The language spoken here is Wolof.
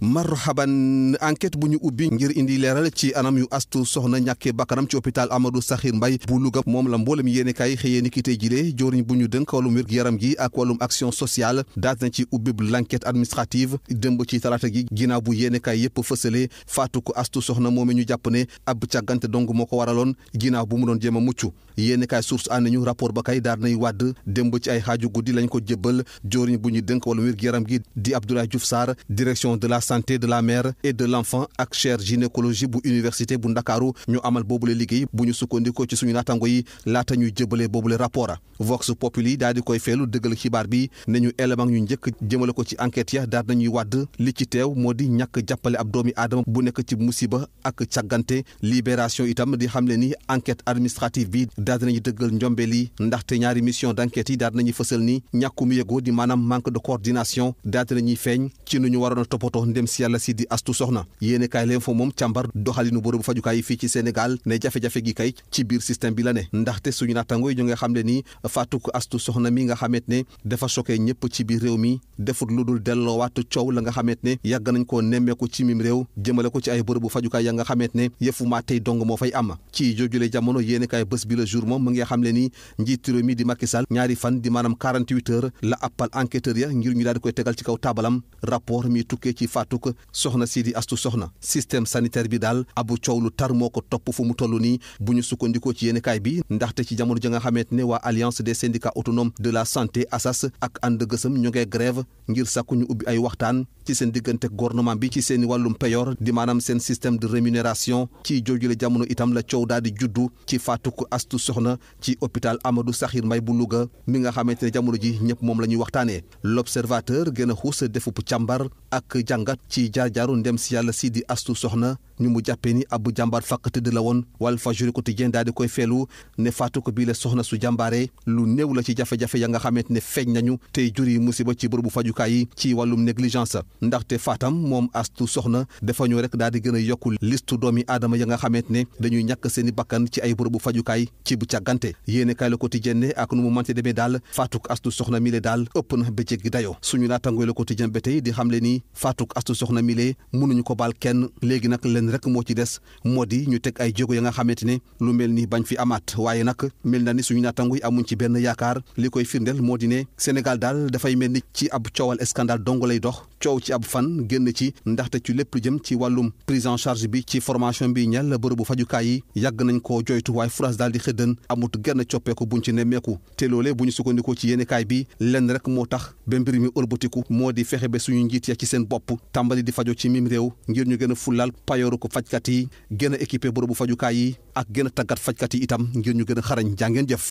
marhaban enquête bu ñu ubbi ngir indi leeral ci anam yu astu soxna ñàkkee bakkanam ci hôpital Amadou Sakhir Mbaye bu Louga moom la mboolem yéene kaay xëyee ni ki tey jilee jooriñ bu ñu dënk wàllum wér-gu-yaram gi ak wàllum action sociale daat na ci ubbib l'enquête administrative dëmb ci talaata gi ginnaaw bu yéene yëpp fësale faatu ko astu soxna moome ñu jàpp ne ab càggante moo ko waraloon ginnaaw bu mu doon jéem a mucc yéene kaay source ànd nañu rapport ba kay daar nay wàdd démb ci ay xaaju guddi lañ ko jébbal jooriñ bu ñu dënk wàllum wér-gu-yaram gi di Abdoulaye Diouf Sarr direction de la la santé de la mère et de l'enfant ak chaire gynécologie bu université bu ndakaaru ñu amal boobule liggéey bu ñu sukkandikoo ci suñu natango yi laata ñuy jëbalee boobule rapport a Vox Populi daal di koy feelu dëggal xibaar bi ne ñu élément ñu njëkk jëmale ko ci enquête ya daal nañuy wàdd li ci teew moo di ñàkk jàppale ab doomi aadama bu nekk ci musiba ak càggante libération itam di xam ne ni enquête administrative bi daal nañu dëggal njombe li ndaxte ñaari mission d'enquête yi daal nañuy fësal ni ñàkkum yëgoo di maanaam manque de coordination ndem si yàlla si di astu soxna yéene kaay leen fa moom càmbar doxalinu bërëbu fajukaay fii ci Sénégal ne jafe-jafe gi kay ci biir système bi la ne ndaxte suñu naattango yi ñu nga xam ne nii fàttuk astu soxna mi nga xamet ne dafa choqué ñëpp ci biir réew mi defut lu dul delloowaat coow la nga xamet ne yàgg nañ koo nemmeeku ci mim réew jëmale ko ci ay bërëbu fajukaay ya nga xamet ne yëfu tey dong moo fay am ci joojule jamono yéene kaay faatuk soxna si di astu soxna système sanitaire bi daal abu coow lu tar moo ko topp fu mu toll nii bu ñu sukkandikoo ci yéenekaay bi ndaxte ci jamono ja nga xamante ne waa alliance des syndicats autonomes de la santé ASAS ak ànd gësëm ñu ngee grève ngir sàkku ñu ubbi ay waxtaan ci seen diggante gouvernement bi ci seen wàllum peyor di maanaam seen système de rémunération ci joojule jamono itam la coow daal di juddu ci faatuk astu soxna ci hôpital Amadou Sakhir Mbaye bu Louga mi nga xamante ne jamono ji ñëpp moom la ñuy waxtaanee l'observateur jàngat ci jaar jaaru ndem si yàlla si di astu soxna ñu mu jàppee ni ab jàmbaar fàq tëdd la woon Walfadjri Quotidien daal di koy feelu ne faatu ko bii la soxna su jàmbaaree lu néew la ci jafe-jafe ya nga xamante ne feeñ nañu tey jur yi musiba ci bërëbu fajukaay yi ci wàllum négligence ndaxte faatam moom astu soxna dafa ñu rek daal di gën a yokku listu doomi aadama ya nga xamante ne dañuy ñakk seeni bakkan ci ay bërëbu fajukaay ci bu càggante yéene kaay la Quotidien ne ak nu mu mante demee daal faatuk astu soxna mi le daal ëpp na ba jéggi dayo suñu naatangooy la Quotidien ba tey di xamle ni faatuk astu soxna mi le ko baal kenn lenn rek moo ci des moo di ñu teg ay jéego ya nga xamante ne lu mel ni bañ fi amaat waaye nag mel na ni suñu naatanguy amuñ ci benn yaakaar li koy firndeel moo di ne Sénégal daal dafay mel ni ci ab coowal skandaal dong lay dox coow ci ab fan génn ci ndaxte ci lépp jëm ci wàllum prise en charge bi ci formation bi ñel bërëbu fajukaay yi yàgg nañ koo joytu waaye France daal di xëddan amut genn coppeeku buñ ci nemmeeku te loole bu ñu sukkandikoo ci yéenekaay bi lenn rek moo tax ba mbir mi ëlbatiku moo di fexe ba suñu njiit ci seen bopp tàmbali di fajo ci mim réew ñu gën a fullaal ko fajkat yi gën a équipé bërëbu fajukaay yi ak gën a tàggat fajkat yi itam ngir ñu gën a xarañ jàngeen jëf